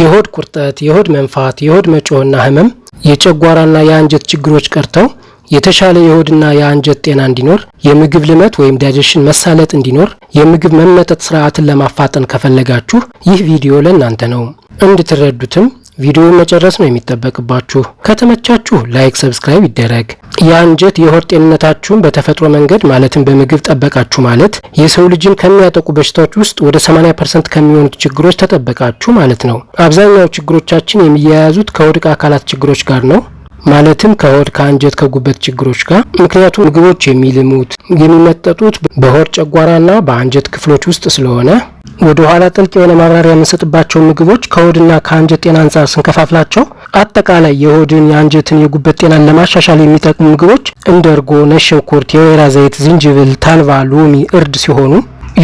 የሆድ ቁርጠት፣ የሆድ መንፋት፣ የሆድ መጮህና ህመም፣ የጨጓራና የአንጀት ችግሮች ቀርተው የተሻለ የሆድና የአንጀት ጤና እንዲኖር የምግብ ልመት ወይም ዳይጀሽን መሳለጥ እንዲኖር የምግብ መመጠጥ ስርዓትን ለማፋጠን ከፈለጋችሁ ይህ ቪዲዮ ለእናንተ ነው። እንድትረዱትም ቪዲዮውን መጨረስ ነው የሚጠበቅባችሁ። ከተመቻችሁ ላይክ፣ ሰብስክራይብ ይደረግ። የአንጀት የሆድ ጤንነታችሁን በተፈጥሮ መንገድ ማለትም በምግብ ጠበቃችሁ ማለት የሰው ልጅን ከሚያጠቁ በሽታዎች ውስጥ ወደ 80 ፐርሰንት ከሚሆኑት ችግሮች ተጠበቃችሁ ማለት ነው። አብዛኛው ችግሮቻችን የሚያያዙት ከወድቅ አካላት ችግሮች ጋር ነው። ማለትም ከሆድ ከአንጀት፣ ከጉበት ችግሮች ጋር። ምክንያቱም ምግቦች የሚልሙት የሚመጠጡት በሆድ ጨጓራና በአንጀት ክፍሎች ውስጥ ስለሆነ ወደ ኋላ ጥልቅ የሆነ ማብራሪያ የምንሰጥባቸው ምግቦች ከሆድና ከአንጀት ጤና አንጻር ስንከፋፍላቸው አጠቃላይ የሆድን የአንጀትን፣ የጉበት ጤናን ለማሻሻል የሚጠቅሙ ምግቦች እንደ እርጎ፣ ነጭ ሽንኩርት፣ የወይራ ዘይት፣ ዝንጅብል፣ ታልባ፣ ሎሚ፣ እርድ ሲሆኑ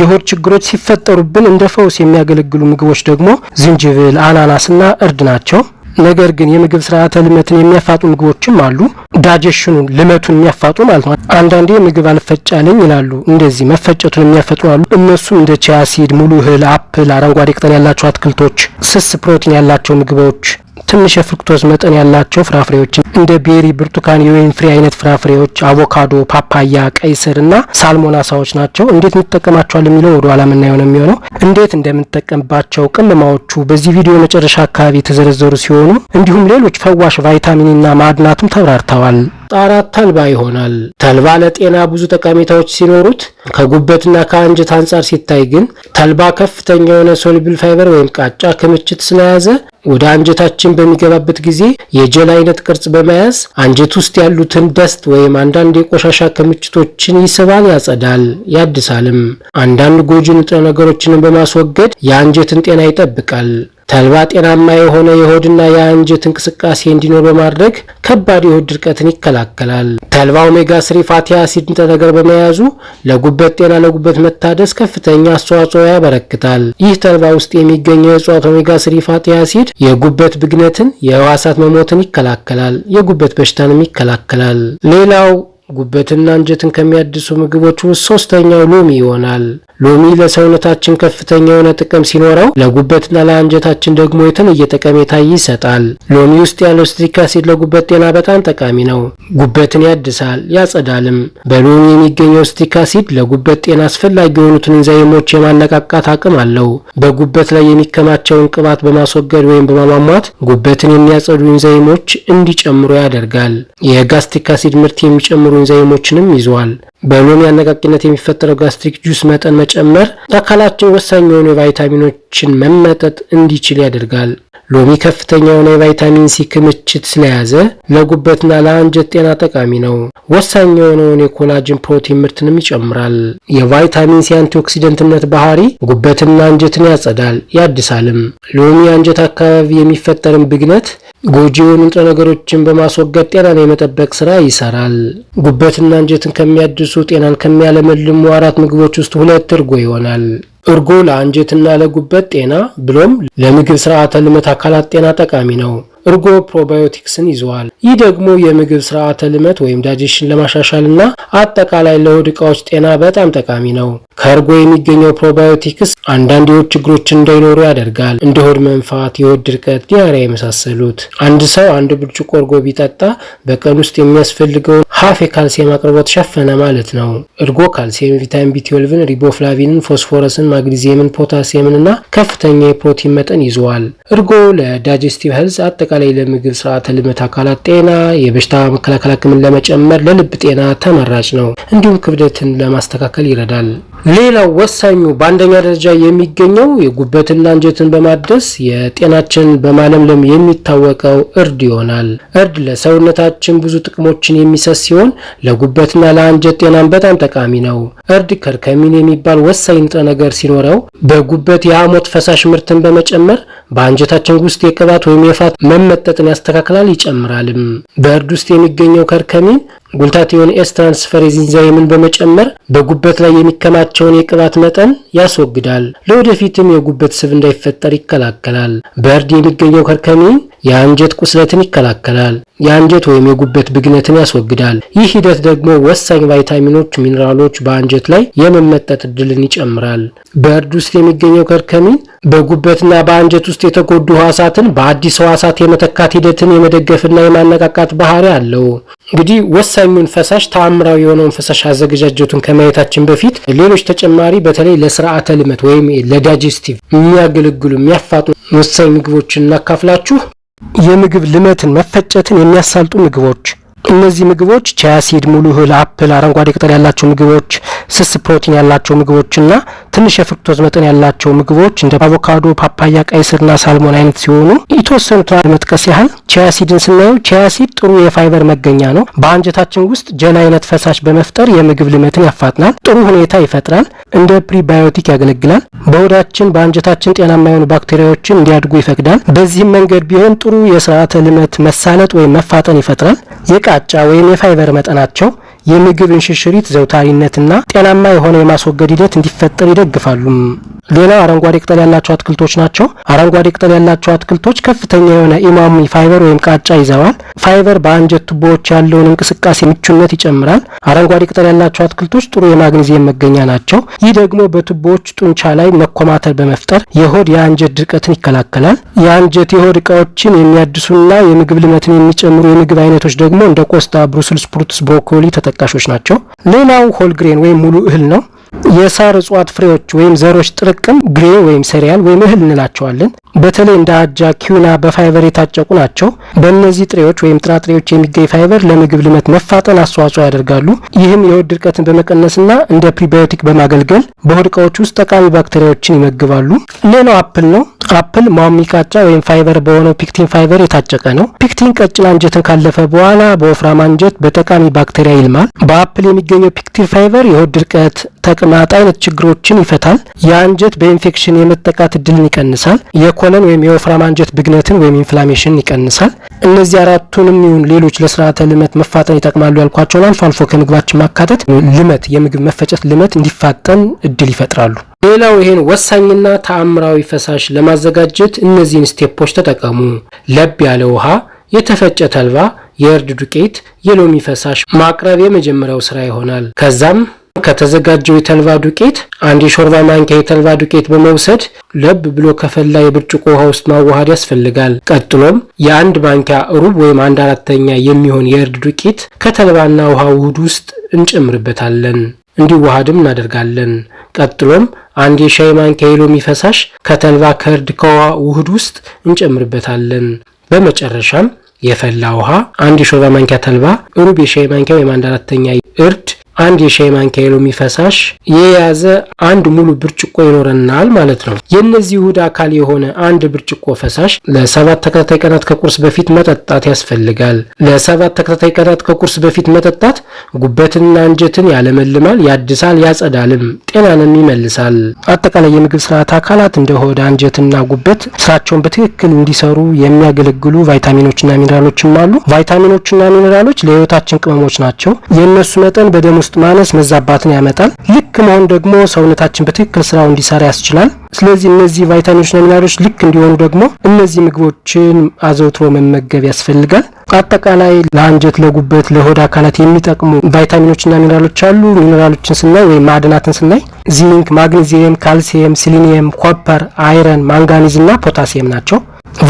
የሆድ ችግሮች ሲፈጠሩብን እንደ ፈውስ የሚያገለግሉ ምግቦች ደግሞ ዝንጅብል፣ አናናስና እርድ ናቸው። ነገር ግን የምግብ ስርዓተ ልመትን የሚያፋጡ ምግቦችም አሉ። ዳጀሽኑን ልመቱን የሚያፋጡ ማለት ነው። አንዳንዴ ምግብ አልፈጫለኝ ይላሉ። እንደዚህ መፈጨቱን የሚያፈጡ አሉ። እነሱም እንደ ቺያ ሲድ፣ ሙሉ እህል፣ አፕል፣ አረንጓዴ ቅጠል ያላቸው አትክልቶች፣ ስስ ፕሮቲን ያላቸው ምግቦች፣ ትንሽ የፍሩክቶዝ መጠን ያላቸው ፍራፍሬዎችን እንደ ቤሪ፣ ብርቱካን፣ የወይን ፍሬ አይነት ፍራፍሬዎች፣ አቮካዶ፣ ፓፓያ፣ ቀይ ስር እና ሳልሞን አሳዎች ናቸው። እንዴት እንጠቀማቸዋል የሚለው ወደ ኋላ የምናየው ነው የሚሆነው። እንዴት እንደምንጠቀምባቸው ቅመማዎቹ በዚህ ቪዲዮ መጨረሻ አካባቢ የተዘረዘሩ ሲሆኑ እንዲሁም ሌሎች ፈዋሽ ቫይታሚንና ማዕድናትም ተብራርተዋል። ጣራት ተልባ ይሆናል። ተልባ ለጤና ብዙ ጠቀሜታዎች ሲኖሩት ከጉበትና ከአንጀት አንጻር ሲታይ ግን ተልባ ከፍተኛ የሆነ ሶልብል ፋይበር ወይም ቃጫ ክምችት ስለያዘ ወደ አንጀታችን በሚገባበት ጊዜ የጀል አይነት ቅርጽ በመያዝ አንጀት ውስጥ ያሉትን ደስት ወይም አንዳንድ የቆሻሻ ክምችቶችን ይስባል፣ ያጸዳል፣ ያድሳልም። አንዳንድ ጎጂ ንጥረ ነገሮችንም በማስወገድ የአንጀትን ጤና ይጠብቃል። ተልባ ጤናማ የሆነ የሆድና የአንጀት እንቅስቃሴ እንዲኖር በማድረግ ከባድ የሆድ ድርቀትን ይከላከላል። ተልባ ኦሜጋ ስሪ ፋቲ አሲድ ንጥረ ነገር በመያዙ ለጉበት ጤና፣ ለጉበት መታደስ ከፍተኛ አስተዋጽኦ ያበረክታል። ይህ ተልባ ውስጥ የሚገኘው የእጽዋት ኦሜጋ ስሪ ፋቲ አሲድ የጉበት ብግነትን፣ የህዋሳት መሞትን ይከላከላል። የጉበት በሽታንም ይከላከላል። ሌላው ጉበትና አንጀትን ከሚያድሱ ምግቦች ውስጥ ሶስተኛው ሎሚ ይሆናል። ሎሚ ለሰውነታችን ከፍተኛ የሆነ ጥቅም ሲኖረው ለጉበትና ለአንጀታችን ደግሞ የተለየ ጠቀሜታ ይሰጣል። ሎሚ ውስጥ ያለው ስትሪክ አሲድ ለጉበት ጤና በጣም ጠቃሚ ነው። ጉበትን ያድሳል፣ ያጸዳልም። በሎሚ የሚገኘው ስትሪክ አሲድ ለጉበት ጤና አስፈላጊ የሆኑትን እንዛይሞች የማነቃቃት አቅም አለው። በጉበት ላይ የሚከማቸውን ቅባት በማስወገድ ወይም በማሟሟት ጉበትን የሚያጸዱ እንዛይሞች እንዲጨምሩ ያደርጋል። የጋስትሪክ አሲድ ምርት የሚጨምሩ እንዛይሞችንም ይዟል። በሎሚ አነቃቂነት የሚፈጠረው ጋስትሪክ ጁስ መጠን መጨመር አካላችን ወሳኝ የሆኑ የቫይታሚኖችን መመጠጥ እንዲችል ያደርጋል። ሎሚ ከፍተኛ የሆነ የቫይታሚን ሲ ክምችት ስለያዘ ለጉበትና ለአንጀት ጤና ጠቃሚ ነው። ወሳኝ የሆነውን የኮላጅን ፕሮቲን ምርትንም ይጨምራል። የቫይታሚን ሲ አንቲኦክሲደንትነት ባህሪ ጉበትና አንጀትን ያጸዳል፣ ያድሳልም። ሎሚ አንጀት አካባቢ የሚፈጠርን ብግነት ጎጂ የሆኑ ንጥረ ነገሮችን በማስወገድ ጤናን የመጠበቅ ስራ ይሰራል። ጉበትና አንጀትን ከሚያድሱ ጤናን ከሚያለመልሙ አራት ምግቦች ውስጥ ሁለት እርጎ ይሆናል። እርጎ ለአንጀትና ለጉበት ጤና ብሎም ለምግብ ስርዓተ ልመት አካላት ጤና ጠቃሚ ነው። እርጎ ፕሮባዮቲክስን ይዘዋል። ይህ ደግሞ የምግብ ስርዓተ ልመት ወይም ዳጀሽን ለማሻሻልና አጠቃላይ ለሆድ ዕቃዎች ጤና በጣም ጠቃሚ ነው። ከእርጎ የሚገኘው ፕሮባዮቲክስ አንዳንድ የሆድ ችግሮች እንዳይኖሩ ያደርጋል፣ እንደ ሆድ መንፋት፣ የሆድ ድርቀት፣ ዲያሪያ የመሳሰሉት። አንድ ሰው አንድ ብርጭቆ እርጎ ቢጠጣ በቀን ውስጥ የሚያስፈልገውን ሀፍ የካልሲየም አቅርቦት ሸፈነ ማለት ነው። እርጎ ካልሲየም፣ ቪታሚን ቢ ፎስፎረስን፣ ማግኒዚየምን፣ ፖታሲየምን እና ከፍተኛ የፕሮቲን መጠን ይዘዋል። እርጎ ለዳይጀስቲቭ ሄልዝ አጠቃላይ ለምግብ ስርዓተ ልመት አካላት ጤና፣ የበሽታ መከላከል አቅምን ለመጨመር፣ ለልብ ጤና ተመራጭ ነው። እንዲሁም ክብደትን ለማስተካከል ይረዳል። ሌላው ወሳኙ በአንደኛ ደረጃ የሚገኘው የጉበትና አንጀትን በማደስ የጤናችን በማለምለም የሚታወቀው እርድ ይሆናል። እርድ ለሰውነታችን ብዙ ጥቅሞችን የሚሰጥ ሲሆን ለጉበትና ለአንጀት ጤናን በጣም ጠቃሚ ነው። እርድ ከርከሚን የሚባል ወሳኝ ንጥረ ነገር ሲኖረው በጉበት የሐሞት ፈሳሽ ምርትን በመጨመር በአንጀታችን ውስጥ የቅባት ወይም የፋት መመጠጥን ያስተካክላል፣ ይጨምራልም። በእርድ ውስጥ የሚገኘው ከርከሚን ጉልታት ኤስ ትራንስፈሬዝ ኢንዛይምን በመጨመር በጉበት ላይ የሚከማቸውን የቅባት መጠን ያስወግዳል። ለወደፊትም የጉበት ስብ እንዳይፈጠር ይከላከላል። በእርድ የሚገኘው ከርከሚን የአንጀት ቁስለትን ይከላከላል። የአንጀት ወይም የጉበት ብግነትን ያስወግዳል። ይህ ሂደት ደግሞ ወሳኝ ቫይታሚኖች፣ ሚኔራሎች በአንጀት ላይ የመመጠጥ እድልን ይጨምራል። በእርድ ውስጥ የሚገኘው ከርከሚን በጉበትና በአንጀት ውስጥ የተጎዱ ህዋሳትን በአዲስ ህዋሳት የመተካት ሂደትን የመደገፍና የማነቃቃት ባህሪ አለው። እንግዲህ ወሳኙን ፈሳሽ ተአምራዊ የሆነውን ፈሳሽ አዘገጃጀቱን ከማየታችን በፊት ሌሎች ተጨማሪ በተለይ ለስርዓተ ልመት ወይም ለዳይጀስቲቭ የሚያገለግሉ የሚያፋጡ ወሳኝ ምግቦችን እናካፍላችሁ። የምግብ ልመትን መፈጨትን የሚያሳልጡ ምግቦች እነዚህ ምግቦች ቻያሲድ፣ ሙሉ እህል፣ አፕል፣ አረንጓዴ ቅጠል ያላቸው ምግቦች፣ ስስ ፕሮቲን ያላቸው ምግቦችና ትንሽ የፍርክቶዝ መጠን ያላቸው ምግቦች እንደ አቮካዶ፣ ፓፓያ፣ ቀይ ስርና ሳልሞን አይነት ሲሆኑ የተወሰኑት ለመጥቀስ ያህል ቺያሲድን ስናየው ቺያሲድ ጥሩ የፋይበር መገኛ ነው። በአንጀታችን ውስጥ ጀል አይነት ፈሳሽ በመፍጠር የምግብ ልመትን ያፋጥናል፣ ጥሩ ሁኔታ ይፈጥራል፣ እንደ ፕሪባዮቲክ ያገለግላል። በሆዳችን በአንጀታችን ጤናማ የሆኑ ባክቴሪያዎችን እንዲያድጉ ይፈቅዳል። በዚህም መንገድ ቢሆን ጥሩ የስርዓተ ልመት መሳለጥ ወይም መፋጠን ይፈጥራል። የቃጫ ወይም የፋይበር መጠናቸው የምግብ እንሽርሽሪት ዘውታሪነትና ጤናማ የሆነ የማስወገድ ሂደት እንዲፈጠር ይደግፋሉ። ሌላው አረንጓዴ ቅጠል ያላቸው አትክልቶች ናቸው። አረንጓዴ ቅጠል ያላቸው አትክልቶች ከፍተኛ የሆነ ኢማሚ ፋይበር ወይም ቃጫ ይዘዋል። ፋይበር በአንጀት ቱቦዎች ያለውን እንቅስቃሴ ምቹነት ይጨምራል። አረንጓዴ ቅጠል ያላቸው አትክልቶች ጥሩ የማግኔዚየም መገኛ ናቸው። ይህ ደግሞ በቱቦዎች ጡንቻ ላይ መኮማተር በመፍጠር የሆድ የአንጀት ድርቀትን ይከላከላል። የአንጀት የሆድ እቃዎችን የሚያድሱና የምግብ ልመትን የሚጨምሩ የምግብ አይነቶች ደግሞ እንደ ቆስጣ፣ ብሩስል ስፕሩትስ፣ ብሮኮሊ ተጠቃሾች ናቸው። ሌላው ሆልግሬን ወይም ሙሉ እህል ነው። የሳር እጽዋት ፍሬዎች ወይም ዘሮች ጥርቅም ግሬ ወይም ሴሪያል ወይም እህል እንላቸዋለን። በተለይ እንደ አጃ፣ ኪዩና በፋይበር የታጨቁ ናቸው። በእነዚህ ጥሬዎች ወይም ጥራጥሬዎች የሚገኝ ፋይበር ለምግብ ልመት መፋጠን አስተዋጽኦ ያደርጋሉ። ይህም የሆድ ድርቀትን በመቀነስና እንደ ፕሪባዮቲክ በማገልገል በሆድ እቃዎች ውስጥ ጠቃሚ ባክቴሪያዎችን ይመግባሉ። ሌላው አፕል ነው። አፕል ማሚቃጫ ወይም ፋይበር በሆነው ፒክቲን ፋይበር የታጨቀ ነው። ፒክቲን ቀጭን አንጀትን ካለፈ በኋላ በወፍራም አንጀት በጠቃሚ ባክቴሪያ ይልማል። በአፕል የሚገኘው ፒክቲን ፋይበር የሆድ ድርቀት፣ ተቅማጥ አይነት ችግሮችን ይፈታል። የአንጀት በኢንፌክሽን የመጠቃት እድልን ይቀንሳል። የኮለን ወይም የወፍራም አንጀት ብግነትን ወይም ኢንፍላሜሽን ይቀንሳል። እነዚህ አራቱንም ይሁን ሌሎች ለስርዓተ ልመት መፋጠን ይጠቅማሉ ያልኳቸውን አልፎ አልፎ ከምግባችን ማካተት ልመት የምግብ መፈጨት ልመት እንዲፋጠን እድል ይፈጥራሉ። ሌላው ይህን ወሳኝና ተአምራዊ ፈሳሽ ለማዘጋጀት እነዚህን ስቴፖች ተጠቀሙ። ለብ ያለ ውሃ፣ የተፈጨ ተልባ፣ የእርድ ዱቄት፣ የሎሚ ፈሳሽ ማቅረብ የመጀመሪያው ስራ ይሆናል። ከዛም ከተዘጋጀው የተልባ ዱቄት አንድ የሾርባ ማንኪያ የተልባ ዱቄት በመውሰድ ለብ ብሎ ከፈላ የብርጭቆ ውሃ ውስጥ ማዋሃድ ያስፈልጋል። ቀጥሎም የአንድ ማንኪያ ሩብ ወይም አንድ አራተኛ የሚሆን የእርድ ዱቄት ከተልባና ውሃ ውህድ ውስጥ እንጨምርበታለን። እንዲዋሃድም እናደርጋለን። ቀጥሎም አንድ የሻይ ማንኪያ የሎሚ ፈሳሽ ከተልባ ከርድ ከውሃ ውህድ ውስጥ እንጨምርበታለን። በመጨረሻም የፈላ ውሃ አንድ የሾርባ ማንኪያ ተልባ፣ ሩብ የሻይ ማንኪያ ወይም አንድ አራተኛ እርድ አንድ የሻይ ማንኪያ የሎሚ ፈሳሽ የያዘ አንድ ሙሉ ብርጭቆ ይኖረናል ማለት ነው። የእነዚህ ውህድ አካል የሆነ አንድ ብርጭቆ ፈሳሽ ለሰባት ተከታታይ ቀናት ከቁርስ በፊት መጠጣት ያስፈልጋል። ለሰባት ተከታታይ ቀናት ከቁርስ በፊት መጠጣት ጉበትና አንጀትን ያለመልማል፣ ያድሳል፣ ያጸዳልም፣ ጤናንም ይመልሳል። አጠቃላይ የምግብ ስርዓት አካላት እንደ ሆድ፣ አንጀትና ጉበት ስራቸውን በትክክል እንዲሰሩ የሚያገለግሉ ቫይታሚኖችና ሚኔራሎችም አሉ። ቫይታሚኖችና ሚኔራሎች ለህይወታችን ቅመሞች ናቸው። የእነሱ መጠን በደም ውስጥ ማነስ መዛባትን ያመጣል። ልክ መሆን ደግሞ ሰውነታችን በትክክል ስራው እንዲሰራ ያስችላል። ስለዚህ እነዚህ ቫይታሚኖችና ሚነራሎች ልክ እንዲሆኑ ደግሞ እነዚህ ምግቦችን አዘውትሮ መመገብ ያስፈልጋል። አጠቃላይ ለአንጀት፣ ለጉበት፣ ለሆድ አካላት የሚጠቅሙ ቫይታሚኖችና ሚነራሎች አሉ። ሚነራሎችን ስናይ ወይም ማዕድናትን ስናይ ዚንክ፣ ማግኒዚየም፣ ካልሲየም፣ ሲሊኒየም፣ ኮፐር፣ አይረን፣ ማንጋኒዝ ፖታሲየም ናቸው።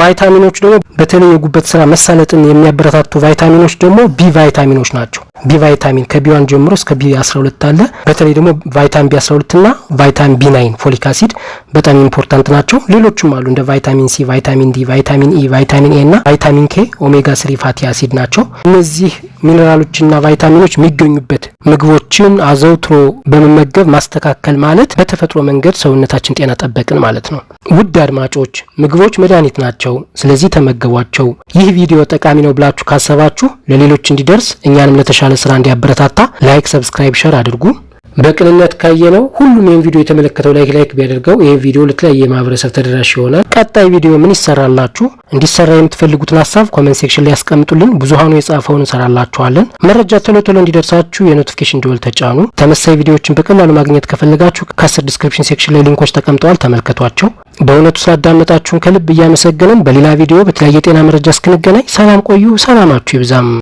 ቫይታሚኖች ደግሞ በተለይ የጉበት ስራ መሳለጥን የሚያበረታቱ ቫይታሚኖች ደግሞ ቢ ቫይታሚኖች ናቸው። ቢ ቫይታሚን ከቢዋን ጀምሮ እስከ ቢ ሁለት አለ። በተለይ ደግሞ ቫይታሚን ቢ ሁለት እና ቫይታሚን ቢ ናይን ፎሊክ አሲድ በጣም ኢምፖርታንት ናቸው። ሌሎችም አሉ እንደ ቫይታሚን ሲ፣ ቫይታሚን ዲ፣ ቫይታሚን ኢ፣ ቫይታሚን ኤ እና ቫይታሚን ኬ ኦሜጋ ስሪ ፋቲ አሲድ ናቸው። እነዚህ ሚኔራሎችና ቫይታሚኖች የሚገኙበት ምግቦችን አዘውትሮ በመመገብ ማስተካከል ማለት በተፈጥሮ መንገድ ሰውነታችን ጤና ጠበቅን ማለት ነው። ውድ አድማጮች ምግቦች መድኃኒት ናቸው፣ ስለዚህ ተመገቧቸው። ይህ ቪዲዮ ጠቃሚ ነው ብላችሁ ካሰባችሁ ለሌሎች እንዲደርስ እኛንም ለተሻለ ስራ እንዲያበረታታ ላይክ፣ ሰብስክራይብ፣ ሸር አድርጉ። በቅንነት ካየነው ሁሉም ይህን ቪዲዮ የተመለከተው ላይክ ላይክ ቢያደርገው ይህ ቪዲዮ ለተለያየ ማህበረሰብ ተደራሽ ይሆናል። ቀጣይ ቪዲዮ ምን ይሰራላችሁ እንዲሰራ የምትፈልጉትን ሀሳብ ኮመንት ሴክሽን ላይ ያስቀምጡልን። ብዙሀኑ የጻፈውን እንሰራላችኋለን። መረጃ ቶሎ ቶሎ እንዲደርሳችሁ የኖቲፊኬሽን ደወል ተጫኑ። ተመሳሳይ ቪዲዮዎችን በቀላሉ ማግኘት ከፈለጋችሁ ከስር ዲስክሪፕሽን ሴክሽን ላይ ሊንኮች ተቀምጠዋል፣ ተመልከቷቸው። በእውነቱ ስላዳመጣችሁን ከልብ እያመሰገንን በሌላ ቪዲዮ በተለያየ ጤና መረጃ እስክንገናኝ ሰላም ቆዩ። ሰላማችሁ ይብዛም።